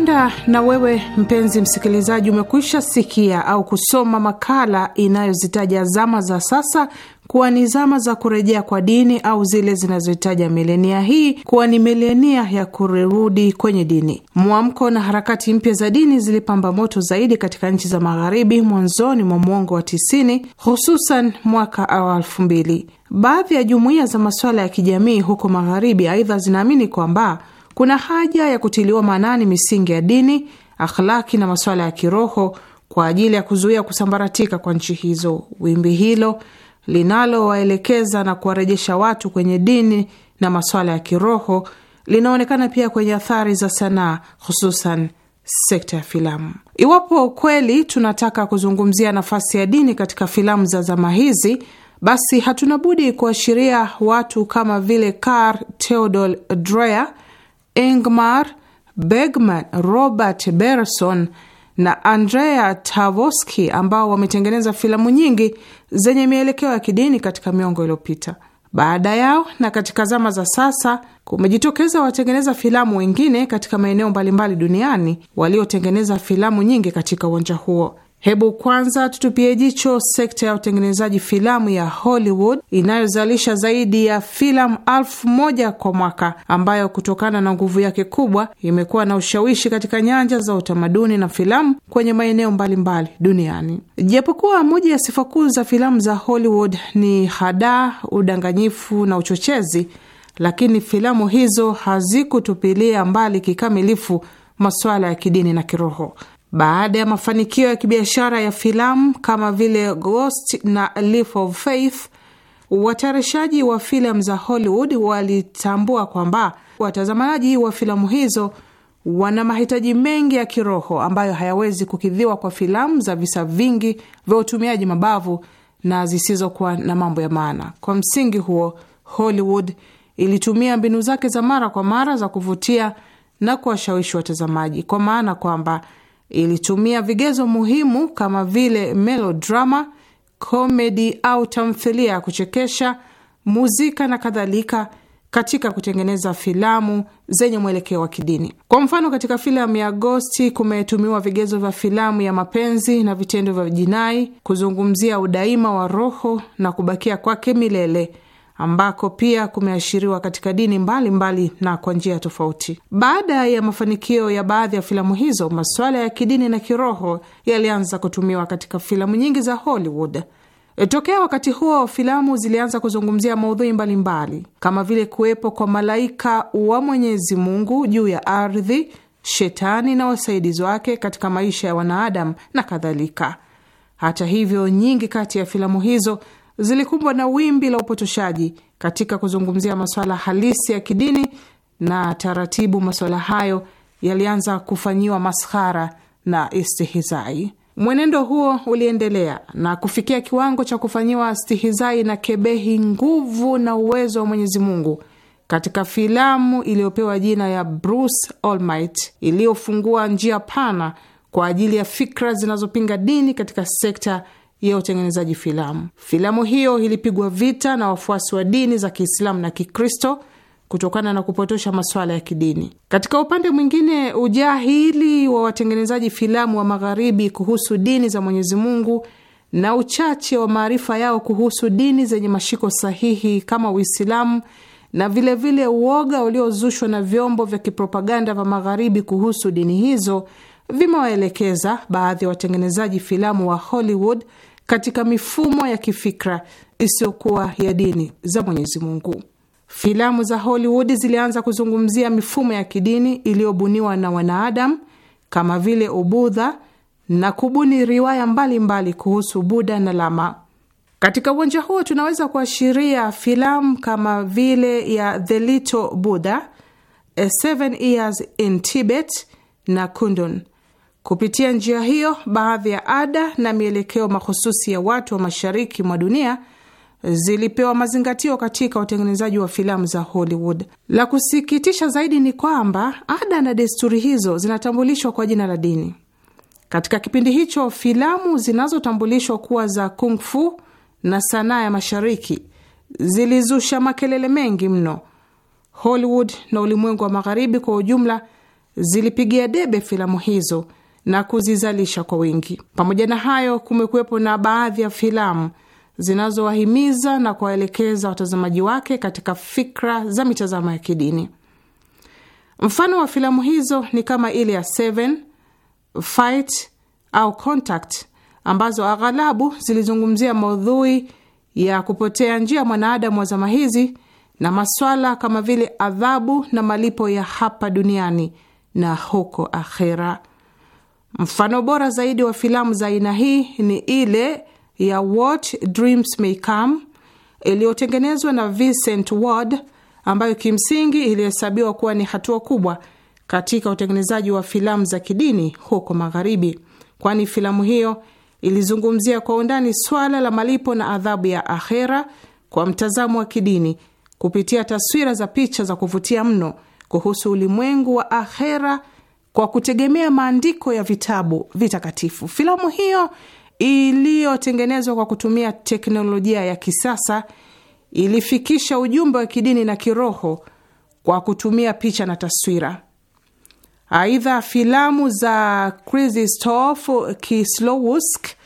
Huenda na wewe mpenzi msikilizaji umekwisha sikia au kusoma makala inayozitaja zama za sasa kuwa ni zama za kurejea kwa dini au zile zinazohitaja milenia hii kuwa ni milenia ya kurudi kwenye dini. Mwamko na harakati mpya za dini zilipamba moto zaidi katika nchi za magharibi mwanzoni mwa mwongo wa tisini, hususan mwaka wa elfu mbili. Baadhi ya jumuiya za masuala ya kijamii huko magharibi aidha zinaamini kwamba kuna haja ya kutiliwa maanani misingi ya dini, akhlaki na masuala ya kiroho kwa ajili ya kuzuia kusambaratika kwa nchi hizo. Wimbi hilo linalowaelekeza na kuwarejesha watu kwenye dini na masuala ya kiroho linaonekana pia kwenye athari za sanaa, hususan sekta ya filamu. Iwapo kweli tunataka kuzungumzia nafasi ya dini katika filamu za zama hizi, basi hatuna budi kuashiria watu kama vile car Theodor Dreyer Ingmar Bergman, Robert berson na Andrea Tavoski ambao wametengeneza filamu nyingi zenye mielekeo ya kidini katika miongo iliyopita. Baada yao na katika zama za sasa kumejitokeza watengeneza filamu wengine katika maeneo mbalimbali duniani waliotengeneza filamu nyingi katika uwanja huo. Hebu kwanza tutupie jicho sekta ya utengenezaji filamu ya Hollywood inayozalisha zaidi ya filamu elfu moja kwa mwaka, ambayo kutokana na nguvu yake kubwa imekuwa na ushawishi katika nyanja za utamaduni na filamu kwenye maeneo mbalimbali duniani. Japokuwa moja ya sifa kuu za filamu za Hollywood ni hadaa, udanganyifu na uchochezi, lakini filamu hizo hazikutupilia mbali kikamilifu masuala ya kidini na kiroho. Baada ya mafanikio ya kibiashara ya filamu kama vile Ghost na Leap of Faith, watayarishaji wa filamu za Hollywood walitambua kwamba watazamaji wa filamu hizo wana mahitaji mengi ya kiroho ambayo hayawezi kukidhiwa kwa filamu za visa vingi vya utumiaji mabavu na zisizokuwa na mambo ya maana. Kwa msingi huo, Hollywood ilitumia mbinu zake za mara kwa mara za kuvutia na kuwashawishi watazamaji, kwa maana kwamba ilitumia vigezo muhimu kama vile melodrama, komedi au tamthilia ya kuchekesha, muzika na kadhalika katika kutengeneza filamu zenye mwelekeo wa kidini. Kwa mfano, katika filamu ya Agosti kumetumiwa vigezo vya filamu ya mapenzi na vitendo vya jinai kuzungumzia udaima wa roho na kubakia kwake milele ambako pia kumeashiriwa katika dini mbalimbali mbali na kwa njia tofauti. Baada ya mafanikio ya baadhi ya filamu hizo, masuala ya kidini na kiroho yalianza kutumiwa katika filamu nyingi za Hollywood. E, tokea wakati huo filamu zilianza kuzungumzia maudhui mbalimbali kama vile kuwepo kwa malaika wa Mwenyezi Mungu juu ya ardhi, shetani na wasaidizi wake katika maisha ya wanaadamu na kadhalika. Hata hivyo, nyingi kati ya filamu hizo zilikumbwa na wimbi la upotoshaji katika kuzungumzia masuala halisi ya kidini, na taratibu masuala hayo yalianza kufanyiwa maskhara na istihizai. Mwenendo huo uliendelea na kufikia kiwango cha kufanyiwa stihizai na kebehi nguvu na uwezo wa Mwenyezi Mungu katika filamu iliyopewa jina ya Bruce Almighty iliyofungua njia pana kwa ajili ya fikra zinazopinga dini katika sekta ya utengenezaji filamu. Filamu hiyo ilipigwa vita na wafuasi wa dini za Kiislamu na Kikristo kutokana na kupotosha masuala ya kidini. Katika upande mwingine, ujahili wa watengenezaji filamu wa Magharibi kuhusu dini za Mwenyezi Mungu na uchache wa maarifa yao kuhusu dini zenye mashiko sahihi kama Uislamu na vilevile vile uoga uliozushwa na vyombo vya kipropaganda vya Magharibi kuhusu dini hizo vimewaelekeza baadhi ya watengenezaji filamu wa Hollywood katika mifumo ya kifikra isiyokuwa ya dini za Mwenyezi Mungu. Filamu za Hollywood zilianza kuzungumzia mifumo ya kidini iliyobuniwa na wanaadamu kama vile Ubudha na kubuni riwaya mbalimbali mbali kuhusu Buda na Lama. Katika uwanja huo tunaweza kuashiria filamu kama vile ya The Little Buddha, A Seven Years in Tibet na Kundun. Kupitia njia hiyo, baadhi ya ada na mielekeo mahususi ya watu wa mashariki mwa dunia zilipewa mazingatio katika utengenezaji wa filamu za Hollywood. La kusikitisha zaidi ni kwamba ada na desturi hizo zinatambulishwa kwa jina la dini. Katika kipindi hicho, filamu zinazotambulishwa kuwa za kung fu na sanaa ya mashariki zilizusha makelele mengi mno. Hollywood na ulimwengu wa magharibi kwa ujumla zilipigia debe filamu hizo na kuzizalisha kwa wingi. Pamoja na hayo, kumekuwepo na baadhi ya filamu zinazowahimiza na kuwaelekeza watazamaji wake katika fikra za mitazamo ya kidini. Mfano wa filamu hizo ni kama ile ya Seven, Fight au Contact ambazo aghalabu zilizungumzia maudhui ya kupotea njia mwanaadamu wa zama hizi na maswala kama vile adhabu na malipo ya hapa duniani na huko akhera. Mfano bora zaidi wa filamu za aina hii ni ile ya What Dreams May Come iliyotengenezwa na Vincent Ward ambayo kimsingi ilihesabiwa kuwa ni hatua kubwa katika utengenezaji wa filamu za kidini huko Magharibi, kwani filamu hiyo ilizungumzia kwa undani swala la malipo na adhabu ya akhera kwa mtazamo wa kidini kupitia taswira za picha za kuvutia mno kuhusu ulimwengu wa akhera kwa kutegemea maandiko ya vitabu vitakatifu. Filamu hiyo iliyotengenezwa kwa kutumia teknolojia ya kisasa ilifikisha ujumbe wa kidini na kiroho kwa kutumia picha na taswira. Aidha, filamu za Krzysztof Kieslowski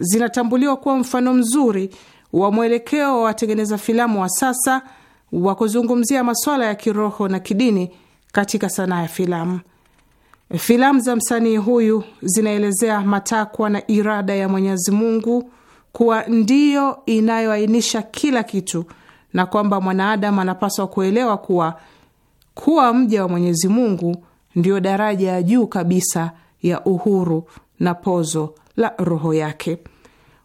zinatambuliwa kuwa mfano mzuri wa mwelekeo wa watengeneza filamu wa sasa wa kuzungumzia masuala ya kiroho na kidini katika sanaa ya filamu. Filamu za msanii huyu zinaelezea matakwa na irada ya Mwenyezi Mungu kuwa ndiyo inayoainisha kila kitu na kwamba mwanaadamu anapaswa kuelewa kuwa kuwa mja wa Mwenyezi Mungu ndiyo daraja ya juu kabisa ya uhuru na pozo la roho yake.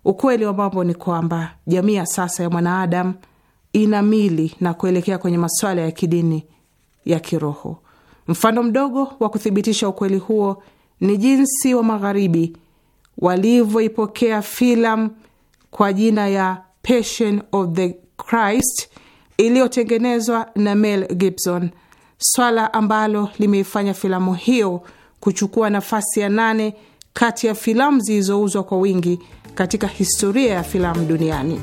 Ukweli wa mambo ni kwamba jamii ya sasa ya mwanaadamu ina mili na kuelekea kwenye masuala ya kidini ya kiroho. Mfano mdogo wa kuthibitisha ukweli huo ni jinsi wa Magharibi walivyoipokea filamu kwa jina ya Passion of the Christ iliyotengenezwa na Mel Gibson, swala ambalo limeifanya filamu hiyo kuchukua nafasi ya nane kati ya filamu zilizouzwa kwa wingi katika historia ya filamu duniani.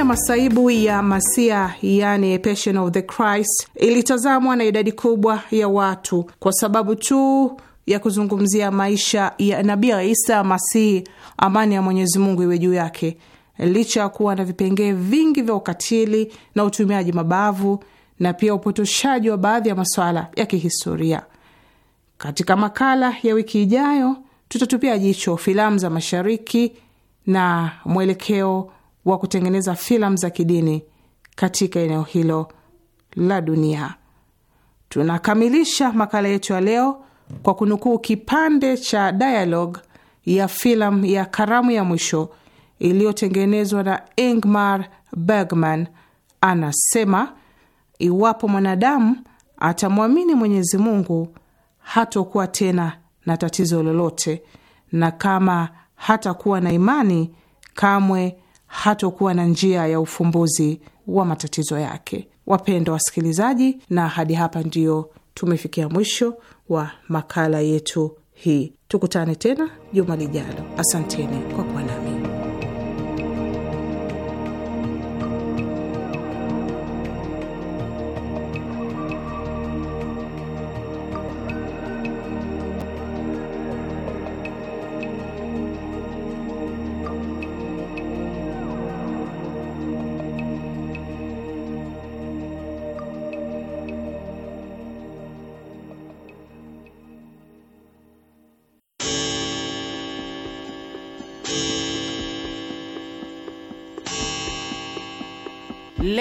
ya masaibu ya Masia, yani Passion of the Christ, ilitazamwa na idadi kubwa ya watu kwa sababu tu ya kuzungumzia maisha ya Nabii Isa Masihi, amani ya Mwenyezi Mungu iwe juu yake, licha ya kuwa na vipengee vingi vya ukatili na utumiaji mabavu na pia upotoshaji wa baadhi ya masuala ya kihistoria. Katika makala ya wiki ijayo, tutatupia jicho filamu za Mashariki na mwelekeo wa kutengeneza filamu za kidini katika eneo hilo la dunia. Tunakamilisha makala yetu ya leo kwa kunukuu kipande cha dialogue ya filamu ya Karamu ya Mwisho iliyotengenezwa na Ingmar Bergman. Anasema, iwapo mwanadamu atamwamini Mwenyezi Mungu hatokuwa tena na tatizo lolote, na kama hatakuwa na imani kamwe hatokuwa na njia ya ufumbuzi wa matatizo yake. Wapendwa wasikilizaji, na hadi hapa ndiyo tumefikia mwisho wa makala yetu hii. Tukutane tena juma lijalo. Asanteni kwa kuwa nami.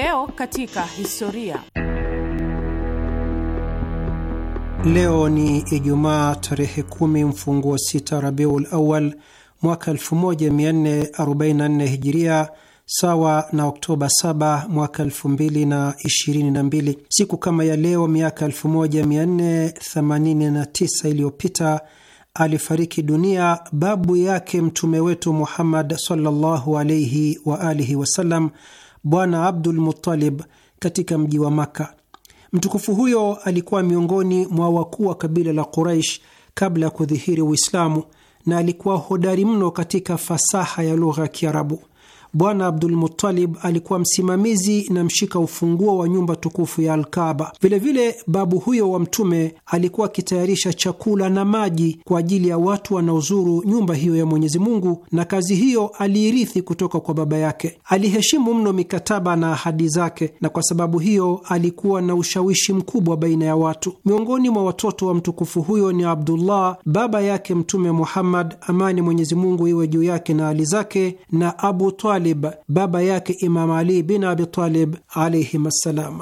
Leo katika historia. Leo ni Ijumaa tarehe kumi mfunguo sita Rabiul Awal mwaka 1444 Hijiria, sawa na Oktoba 7 mwaka 2022. Siku kama ya leo miaka 1489 iliyopita alifariki dunia babu yake mtume wetu Muhammad sallallahu alaihi wa alihi wasallam Bwana Abdul Muttalib katika mji wa Makka. Mtukufu huyo alikuwa miongoni mwa wakuu wa kabila la Quraish kabla ya kudhihiri Uislamu na alikuwa hodari mno katika fasaha ya lugha ya Kiarabu. Bwana abdul mutalib alikuwa msimamizi na mshika ufunguo wa nyumba tukufu ya Alkaba. Vilevile babu huyo wa Mtume alikuwa akitayarisha chakula na maji kwa ajili ya watu wanaozuru nyumba hiyo ya Mwenyezi Mungu, na kazi hiyo aliirithi kutoka kwa baba yake. Aliheshimu mno mikataba na ahadi zake, na kwa sababu hiyo alikuwa na ushawishi mkubwa baina ya watu. Miongoni mwa watoto wa mtukufu huyo ni Abdullah baba yake Mtume Muhammad, amani Mwenyezi Mungu iwe juu yake na hali zake, na Abu Talib Talib, baba yake Imam Ali bin Abi Talib alaihim assalam.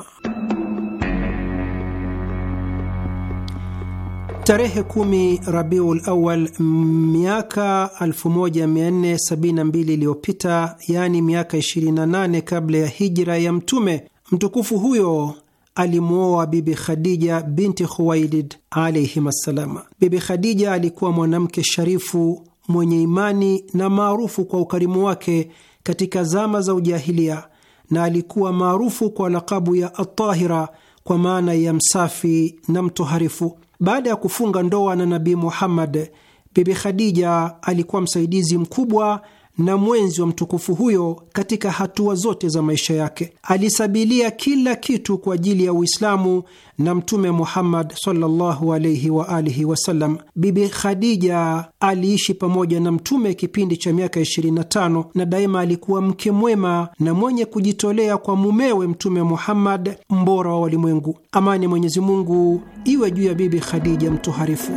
Tarehe kumi Rabiul Awal miaka 1472 iliyopita, yaani miaka 28 kabla ya hijra ya Mtume mtukufu huyo alimwoa Bibi Khadija binti Khuwailid alaihim assalam. Bibi Khadija alikuwa mwanamke sharifu mwenye imani na maarufu kwa ukarimu wake katika zama za ujahilia na alikuwa maarufu kwa lakabu ya Atahira kwa maana ya msafi na mtoharifu. Baada ya kufunga ndoa na Nabii Muhammad, Bibi Khadija alikuwa msaidizi mkubwa na mwenzi wa mtukufu huyo katika hatua zote za maisha yake. Alisabilia kila kitu kwa ajili ya Uislamu na Mtume Muhammad sallallahu alaihi wa alihi wasallam. Bibi Khadija aliishi pamoja na Mtume kipindi cha miaka 25 na daima alikuwa mke mwema na mwenye kujitolea kwa mumewe Mtume Muhammad, mbora wa walimwengu. Amani Mwenyezi Mungu iwe juu ya Bibi Khadija mtoharifu.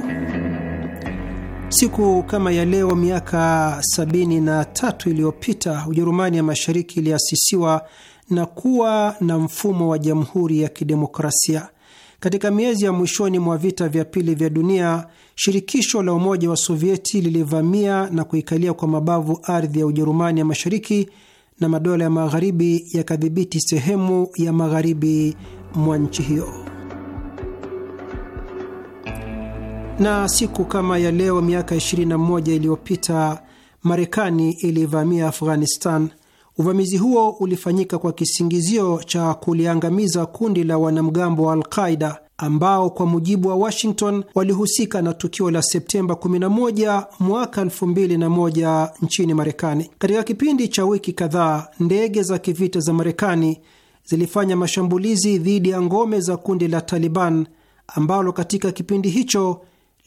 Siku kama ya leo miaka sabini na tatu iliyopita Ujerumani ya Mashariki iliasisiwa na kuwa na mfumo wa jamhuri ya kidemokrasia. Katika miezi ya mwishoni mwa vita vya pili vya dunia, shirikisho la Umoja wa Sovieti lilivamia na kuikalia kwa mabavu ardhi ya Ujerumani ya Mashariki na madola ya Magharibi yakadhibiti sehemu ya magharibi mwa nchi hiyo. Na siku kama ya leo miaka 21 iliyopita Marekani ilivamia Afghanistan. Uvamizi huo ulifanyika kwa kisingizio cha kuliangamiza kundi la wanamgambo wa Alqaida ambao kwa mujibu wa Washington walihusika na tukio la Septemba 11 mwaka 2001 nchini Marekani. Katika kipindi cha wiki kadhaa, ndege za kivita za Marekani zilifanya mashambulizi dhidi ya ngome za kundi la Taliban ambalo katika kipindi hicho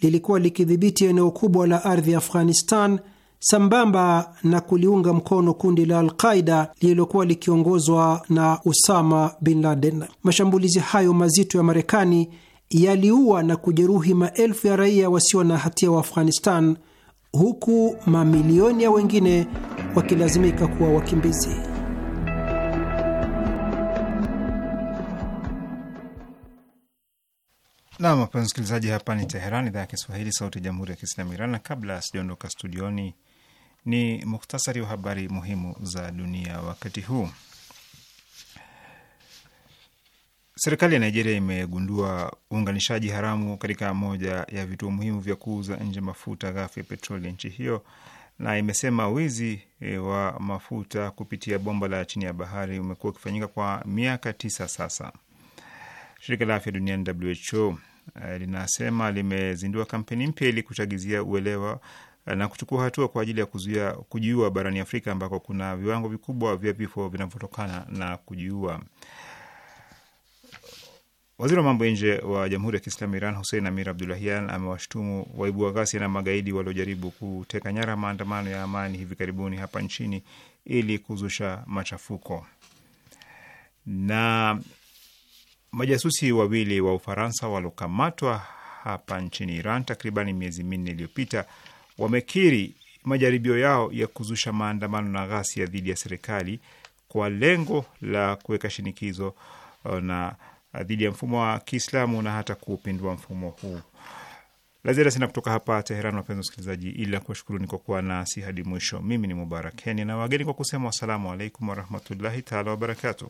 lilikuwa likidhibiti eneo kubwa la ardhi ya Afghanistan sambamba na kuliunga mkono kundi la Alqaida lililokuwa likiongozwa na Usama bin Laden. Mashambulizi hayo mazito ya Marekani yaliua na kujeruhi maelfu ya raia wasio na hatia wa Afghanistan, huku mamilioni ya wengine wakilazimika kuwa wakimbizi. Nam, wapenzi msikilizaji, hapa ni Teheran, idhaa ya Kiswahili, sauti ya jamhuri ya kiislamu Iran. Na kabla sijaondoka studioni, ni muhtasari wa habari muhimu za dunia wakati huu. Serikali ya Nigeria imegundua uunganishaji haramu katika moja ya vituo muhimu vya kuuza nje mafuta ghafi ya petroli ya nchi hiyo, na imesema wizi e, wa mafuta kupitia bomba la chini ya bahari umekuwa ukifanyika kwa miaka tisa sasa. Shirika la afya duniani WHO uh, linasema limezindua kampeni mpya ili kuchagizia uelewa uh, na kuchukua hatua kwa ajili ya kuzuia kujiua barani Afrika ambako kuna viwango vikubwa vya vifo vinavyotokana na kujiua. Waziri wa mambo ya nje wa Jamhuri ya Kiislamu Iran Hussein Amir Abdulahian amewashutumu waibua ghasia na magaidi waliojaribu kuteka nyara maandamano ya amani hivi karibuni hapa nchini ili kuzusha machafuko. Na Majasusi wawili wa Ufaransa waliokamatwa hapa nchini Iran takriban miezi minne iliyopita wamekiri majaribio yao ya kuzusha maandamano na ghasia dhidi ya serikali kwa lengo la kuweka shinikizo uh, na dhidi ya mfumo wa Kiislamu na hata kuupindua mfumo huu. La ziada sina kutoka hapa Teheran, wapenzi wasikilizaji, ila kuwashukuruni kwa kuwa nasi hadi mwisho. Mimi ni Mubarakeni na wageni kwa kusema wassalamu alaikum warahmatullahi taala wabarakatuh.